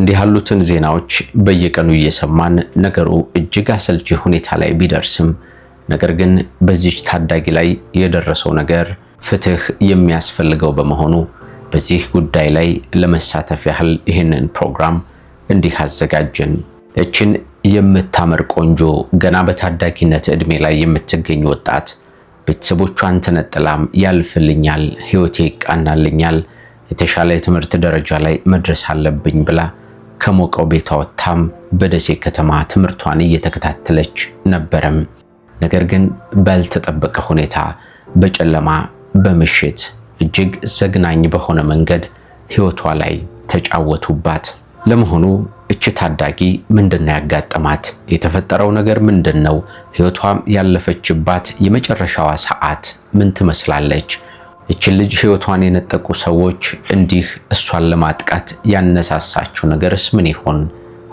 እንዲህ ያሉትን ዜናዎች በየቀኑ እየሰማን ነገሩ እጅግ አሰልቺ ሁኔታ ላይ ቢደርስም ነገር ግን በዚች ታዳጊ ላይ የደረሰው ነገር ፍትህ የሚያስፈልገው በመሆኑ በዚህ ጉዳይ ላይ ለመሳተፍ ያህል ይህንን ፕሮግራም እንዲህ አዘጋጀን። እችን የምታምር ቆንጆ ገና በታዳጊነት ዕድሜ ላይ የምትገኝ ወጣት ቤተሰቦቿን ተነጥላም ያልፍልኛል፣ ህይወቴ ይቃናልኛል፣ የተሻለ የትምህርት ደረጃ ላይ መድረስ አለብኝ ብላ ከሞቀው ቤቷ ወጥታም በደሴ ከተማ ትምህርቷን እየተከታተለች ነበረም። ነገር ግን ባልተጠበቀ ሁኔታ በጨለማ በምሽት እጅግ ዘግናኝ በሆነ መንገድ ህይወቷ ላይ ተጫወቱባት። ለመሆኑ እች ታዳጊ ምንድነው ያጋጠማት? የተፈጠረው ነገር ምንድን ነው? ያለፈችባት የመጨረሻዋ ሰዓት ምን ትመስላለች? ይችን ልጅ ህይወቷን የነጠቁ ሰዎች እንዲህ እሷን ለማጥቃት ያነሳሳችው ነገርስ ምን ይሆን?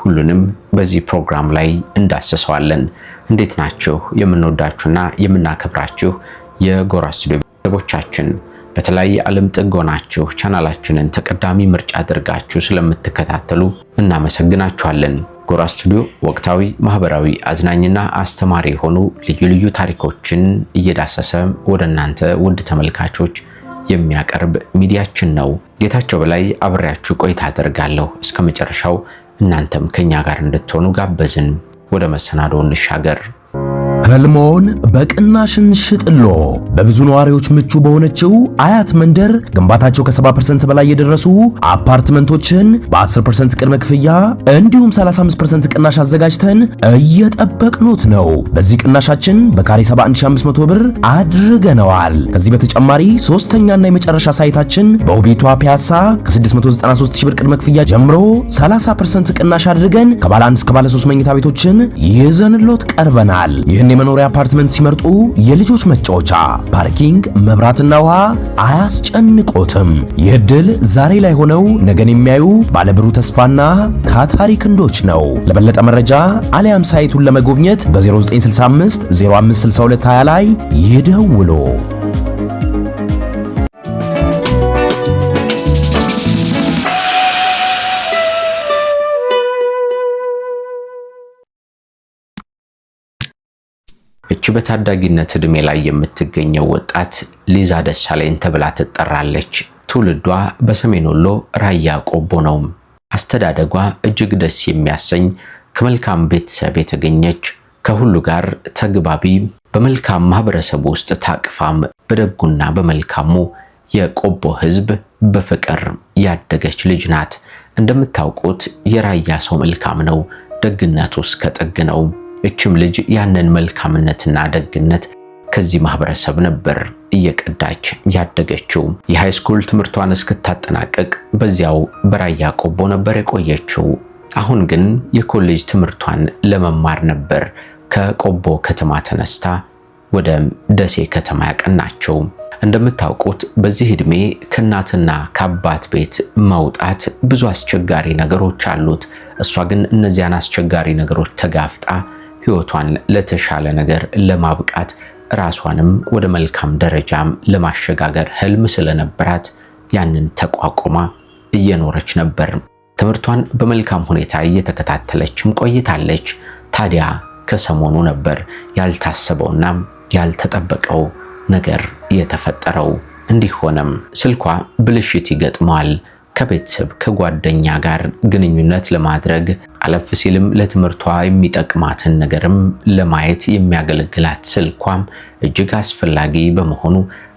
ሁሉንም በዚህ ፕሮግራም ላይ እንዳሰሰዋለን። እንዴት ናችሁ? የምንወዳችሁና የምናከብራችሁ የጎራ ስቱዲዮ ቤተሰቦቻችን በተለያየ ዓለም ጥግ ሆናችሁ ቻናላችንን ተቀዳሚ ምርጫ አድርጋችሁ ስለምትከታተሉ እናመሰግናችኋለን። ጎራ ስቱዲዮ ወቅታዊ፣ ማህበራዊ፣ አዝናኝና አስተማሪ የሆኑ ልዩ ልዩ ታሪኮችን እየዳሰሰ ወደ እናንተ ውድ ተመልካቾች የሚያቀርብ ሚዲያችን ነው። ጌታቸው በላይ አብሬያችሁ ቆይታ አደርጋለሁ። እስከ መጨረሻው እናንተም ከኛ ጋር እንድትሆኑ ጋበዝን። ወደ መሰናዶ እንሻገር። ህልሞን በቅናሽን ሽጥሎ በብዙ ነዋሪዎች ምቹ በሆነችው አያት መንደር ግንባታቸው ከ70% በላይ የደረሱ አፓርትመንቶችን በ10% ቅድመ ክፍያ እንዲሁም 35% ቅናሽ አዘጋጅተን እየጠበቅኑት ነው። በዚህ ቅናሻችን በካሬ 71500 ብር አድርገነዋል። ከዚህ በተጨማሪ ሶስተኛና የመጨረሻ ሳይታችን በውቢቷ ፒያሳ ከ693000 ብር ቅድመ ክፍያ ጀምሮ 30% ቅናሽ አድርገን ከባለ 1 እስከ ባለ 3 መኝታ ቤቶችን ይዘንሎት ቀርበናል። ይህን የመኖሪያ አፓርትመንት ሲመርጡ የልጆች መጫወቻ፣ ፓርኪንግ፣ መብራትና ውሃ አያስጨንቆትም። ይህ ድል ዛሬ ላይ ሆነው ነገን የሚያዩ ባለብሩህ ተስፋና ታታሪ ክንዶች ነው። ለበለጠ መረጃ አሊያም ሳይቱን ለመጎብኘት በ0965 056220 ላይ ይደውሉ። በታዳጊነት ዕድሜ ላይ የምትገኘው ወጣት ሊዛ ደሳለኝ ተብላ ትጠራለች። ትውልዷ በሰሜን ወሎ ራያ ቆቦ ነው። አስተዳደጓ እጅግ ደስ የሚያሰኝ ከመልካም ቤተሰብ የተገኘች ከሁሉ ጋር ተግባቢ በመልካም ማህበረሰብ ውስጥ ታቅፋም በደጉና በመልካሙ የቆቦ ሕዝብ በፍቅር ያደገች ልጅ ናት። እንደምታውቁት የራያ ሰው መልካም ነው፣ ደግነቱ እስከ ጥግ ነው። እችም ልጅ ያንን መልካምነትና ደግነት ከዚህ ማህበረሰብ ነበር እየቀዳች ያደገችው። የሃይስኩል ትምህርቷን እስክታጠናቀቅ በዚያው በራያ ቆቦ ነበር የቆየችው። አሁን ግን የኮሌጅ ትምህርቷን ለመማር ነበር ከቆቦ ከተማ ተነስታ ወደ ደሴ ከተማ ያቀናቸው። እንደምታውቁት በዚህ ዕድሜ ከእናትና ከአባት ቤት መውጣት ብዙ አስቸጋሪ ነገሮች አሉት። እሷ ግን እነዚያን አስቸጋሪ ነገሮች ተጋፍጣ ህይወቷን ለተሻለ ነገር ለማብቃት ራሷንም ወደ መልካም ደረጃም ለማሸጋገር ህልም ስለነበራት ያንን ተቋቁማ እየኖረች ነበር። ትምህርቷን በመልካም ሁኔታ እየተከታተለችም ቆይታለች። ታዲያ ከሰሞኑ ነበር ያልታሰበውና ያልተጠበቀው ነገር የተፈጠረው። እንዲህ ሆነም ስልኳ ብልሽት ይገጥመዋል። ከቤተሰብ ከጓደኛ ጋር ግንኙነት ለማድረግ አለፍ ሲልም ለትምህርቷ የሚጠቅማትን ነገርም ለማየት የሚያገለግላት ስልኳም እጅግ አስፈላጊ በመሆኑ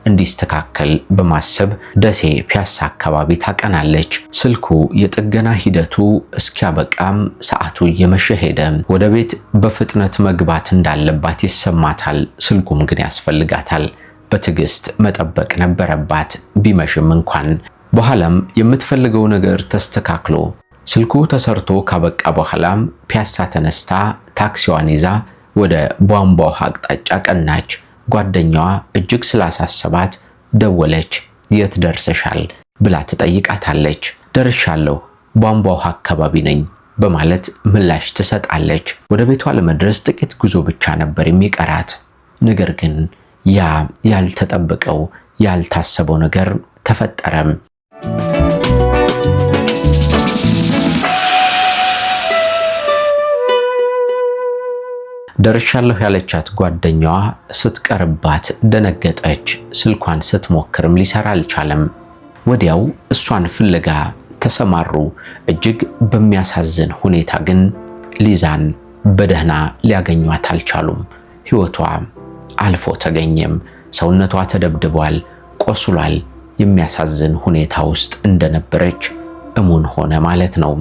እንዲስተካከል በማሰብ ደሴ ፒያሳ አካባቢ ታቀናለች። ስልኩ የጥገና ሂደቱ እስኪያበቃም ሰዓቱ እየመሸ ሄደ። ወደ ቤት በፍጥነት መግባት እንዳለባት ይሰማታል። ስልኩም ግን ያስፈልጋታል። በትዕግስት መጠበቅ ነበረባት ቢመሽም እንኳን። በኋላም የምትፈልገው ነገር ተስተካክሎ ስልኩ ተሰርቶ ካበቃ በኋላም ፒያሳ ተነስታ ታክሲዋን ይዛ ወደ ቧንቧ ውሃ አቅጣጫ ቀናች። ጓደኛዋ እጅግ ስላሳሰባት ደወለች። የት ደርሰሻል ብላ ትጠይቃታለች። ደርሻለሁ፣ ቧንቧ ውሃ አካባቢ ነኝ በማለት ምላሽ ትሰጣለች። ወደ ቤቷ ለመድረስ ጥቂት ጉዞ ብቻ ነበር የሚቀራት። ነገር ግን ያ ያልተጠበቀው ያልታሰበው ነገር ተፈጠረም። ደርሻለሁ ያለቻት ጓደኛዋ ስትቀርባት ደነገጠች። ስልኳን ስትሞክርም ሊሰራ አልቻለም። ወዲያው እሷን ፍለጋ ተሰማሩ። እጅግ በሚያሳዝን ሁኔታ ግን ሊዛን በደህና ሊያገኟት አልቻሉም። ሕይወቷ አልፎ ተገኘም። ሰውነቷ ተደብድቧል፣ ቆስሏል። የሚያሳዝን ሁኔታ ውስጥ እንደነበረች እሙን ሆነ ማለት ነው።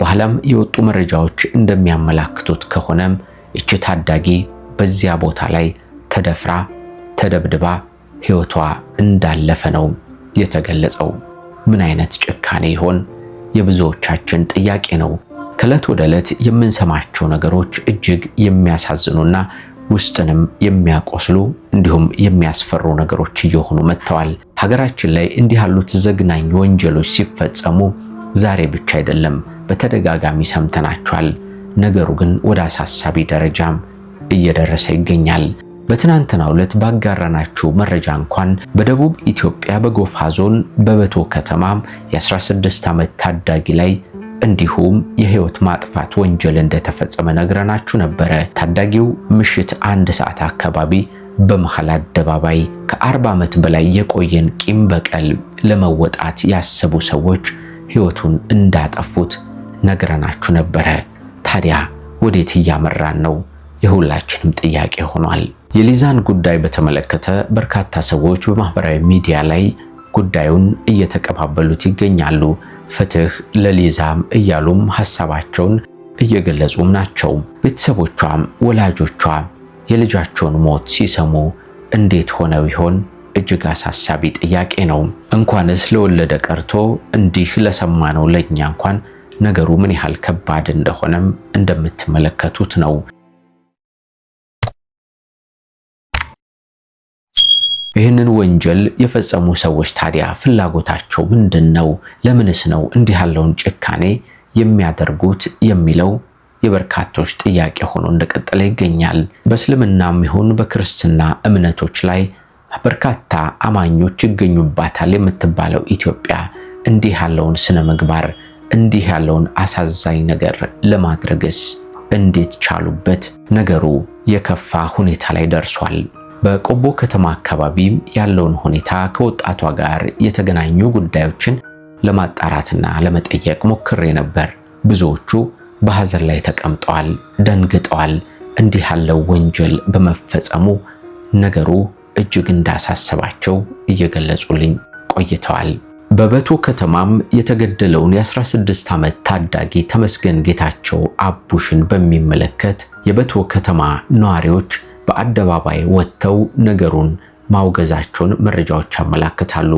በኋላም የወጡ መረጃዎች እንደሚያመላክቱት ከሆነም እች ታዳጊ በዚያ ቦታ ላይ ተደፍራ ተደብድባ ሕይወቷ እንዳለፈ ነው የተገለጸው። ምን አይነት ጭካኔ ይሆን? የብዙዎቻችን ጥያቄ ነው። ከእለት ወደ ዕለት የምንሰማቸው ነገሮች እጅግ የሚያሳዝኑና ውስጥንም የሚያቆስሉ እንዲሁም የሚያስፈሩ ነገሮች እየሆኑ መጥተዋል። ሀገራችን ላይ እንዲህ ያሉት ዘግናኝ ወንጀሎች ሲፈጸሙ ዛሬ ብቻ አይደለም፣ በተደጋጋሚ ሰምተናቸዋል። ነገሩ ግን ወደ አሳሳቢ ደረጃም እየደረሰ ይገኛል። በትናንትናው ዕለት ባጋራናችሁ መረጃ እንኳን በደቡብ ኢትዮጵያ በጎፋ ዞን በበቶ ከተማ የ16 ዓመት ታዳጊ ላይ እንዲሁም የህይወት ማጥፋት ወንጀል እንደተፈጸመ ነግረናችሁ ነበረ። ታዳጊው ምሽት አንድ ሰዓት አካባቢ በመሃል አደባባይ ከ40 ዓመት በላይ የቆየን ቂም በቀል ለመወጣት ያሰቡ ሰዎች ህይወቱን እንዳጠፉት ነግረናችሁ ነበረ። ታዲያ ወዴት እያመራን ነው? የሁላችንም ጥያቄ ሆኗል። የሊዛን ጉዳይ በተመለከተ በርካታ ሰዎች በማህበራዊ ሚዲያ ላይ ጉዳዩን እየተቀባበሉት ይገኛሉ። ፍትህ ለሊዛም እያሉም ሀሳባቸውን እየገለጹም ናቸው። ቤተሰቦቿም ወላጆቿ የልጃቸውን ሞት ሲሰሙ እንዴት ሆነው ይሆን? እጅግ አሳሳቢ ጥያቄ ነው። እንኳንስ ለወለደ ቀርቶ እንዲህ ለሰማነው ለእኛ እንኳን ነገሩ ምን ያህል ከባድ እንደሆነም እንደምትመለከቱት ነው። ይህንን ወንጀል የፈጸሙ ሰዎች ታዲያ ፍላጎታቸው ምንድን ነው? ለምንስ ነው እንዲህ ያለውን ጭካኔ የሚያደርጉት የሚለው የበርካቶች ጥያቄ ሆኖ እንደቀጠለ ይገኛል። በእስልምናም ይሁን በክርስትና እምነቶች ላይ በርካታ አማኞች ይገኙባታል የምትባለው ኢትዮጵያ እንዲህ ያለውን ስነ ምግባር እንዲህ ያለውን አሳዛኝ ነገር ለማድረግስ እንዴት ቻሉበት? ነገሩ የከፋ ሁኔታ ላይ ደርሷል። በቆቦ ከተማ አካባቢም ያለውን ሁኔታ ከወጣቷ ጋር የተገናኙ ጉዳዮችን ለማጣራትና ለመጠየቅ ሞክሬ ነበር። ብዙዎቹ በሐዘን ላይ ተቀምጠዋል፣ ደንግጠዋል። እንዲህ ያለው ወንጀል በመፈጸሙ ነገሩ እጅግ እንዳሳሰባቸው እየገለጹልኝ ቆይተዋል። በበቶ ከተማም የተገደለውን የ16 ዓመት ታዳጊ ተመስገን ጌታቸው አቡሽን በሚመለከት የበቶ ከተማ ነዋሪዎች በአደባባይ ወጥተው ነገሩን ማውገዛቸውን መረጃዎች ያመላክታሉ።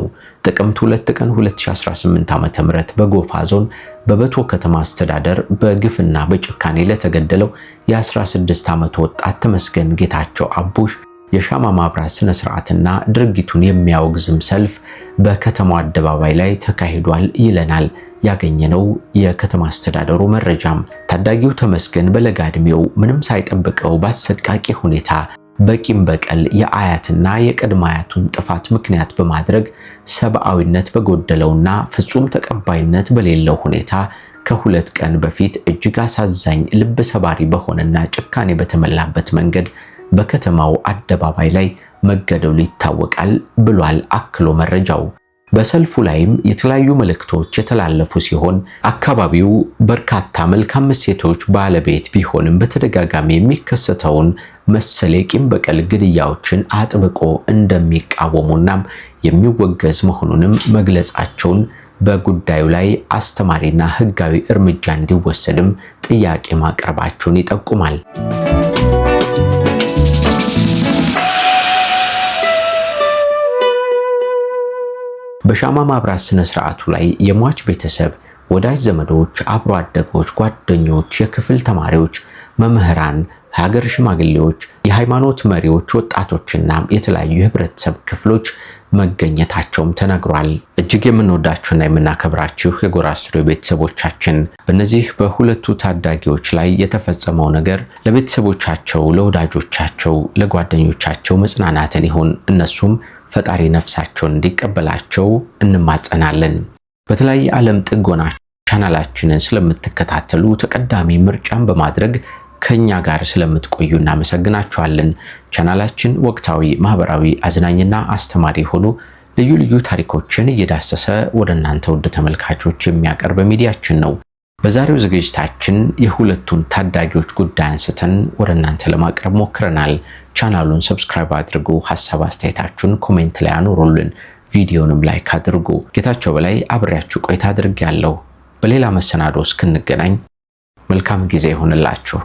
ጥቅምት 2 ቀን 2018 ዓ.ም በጎፋ ዞን በበቶ ከተማ አስተዳደር በግፍና በጭካኔ ለተገደለው የ16 ዓመት ወጣት ተመስገን ጌታቸው አቡሽ የሻማ ማብራት ስነ ስርዓትና ድርጊቱን የሚያወግዝም ሰልፍ በከተማው አደባባይ ላይ ተካሂዷል ይለናል ያገኘነው የከተማ አስተዳደሩ መረጃም። ታዳጊው ተመስገን በለጋ ዕድሜው ምንም ሳይጠብቀው በአሰቃቂ ሁኔታ በቂም በቀል የአያትና የቅድመ አያቱን ጥፋት ምክንያት በማድረግ ሰብአዊነት በጎደለውና ፍጹም ተቀባይነት በሌለው ሁኔታ ከሁለት ቀን በፊት እጅግ አሳዛኝ ልብ ሰባሪ በሆነና ጭካኔ በተሞላበት መንገድ በከተማው አደባባይ ላይ መገደሉ ይታወቃል ብሏል አክሎ መረጃው። በሰልፉ ላይም የተለያዩ መልእክቶች የተላለፉ ሲሆን አካባቢው በርካታ መልካም እሴቶች ባለቤት ቢሆንም በተደጋጋሚ የሚከሰተውን መሰል የቂም በቀል ግድያዎችን አጥብቆ እንደሚቃወሙናም የሚወገዝ መሆኑንም መግለጻቸውን በጉዳዩ ላይ አስተማሪና ሕጋዊ እርምጃ እንዲወሰድም ጥያቄ ማቅረባቸውን ይጠቁማል። በሻማ ማብራት ስነ ስርዓቱ ላይ የሟች ቤተሰብ፣ ወዳጅ ዘመዶች፣ አብሮ አደጎች፣ ጓደኞች፣ የክፍል ተማሪዎች፣ መምህራን፣ ሀገር ሽማግሌዎች፣ የሃይማኖት መሪዎች፣ ወጣቶችና የተለያዩ የህብረተሰብ ክፍሎች መገኘታቸውም ተነግሯል። እጅግ የምንወዳችሁና የምናከብራችሁ የጎራ ስቱዲዮ ቤተሰቦቻችን በእነዚህ በሁለቱ ታዳጊዎች ላይ የተፈጸመው ነገር ለቤተሰቦቻቸው፣ ለወዳጆቻቸው፣ ለጓደኞቻቸው መጽናናትን ይሁን እነሱም ፈጣሪ ነፍሳቸውን እንዲቀበላቸው እንማጸናለን። በተለያየ ዓለም ጥጎና ቻናላችንን ስለምትከታተሉ ተቀዳሚ ምርጫን በማድረግ ከኛ ጋር ስለምትቆዩ እናመሰግናችኋለን። ቻናላችን ወቅታዊ፣ ማህበራዊ፣ አዝናኝና አስተማሪ የሆኑ ልዩ ልዩ ታሪኮችን እየዳሰሰ ወደ እናንተ ውድ ተመልካቾች የሚያቀርብ ሚዲያችን ነው። በዛሬው ዝግጅታችን የሁለቱን ታዳጊዎች ጉዳይ አንስተን ወደ እናንተ ለማቅረብ ሞክረናል። ቻናሉን ሰብስክራይብ አድርጉ። ሀሳብ አስተያየታችሁን ኮሜንት ላይ አኑሩልን። ቪዲዮንም ላይክ አድርጉ። ጌታቸው በላይ አብሬያችሁ ቆይታ አድርጌያለሁ። በሌላ መሰናዶ እስክንገናኝ መልካም ጊዜ ይሆንላችሁ።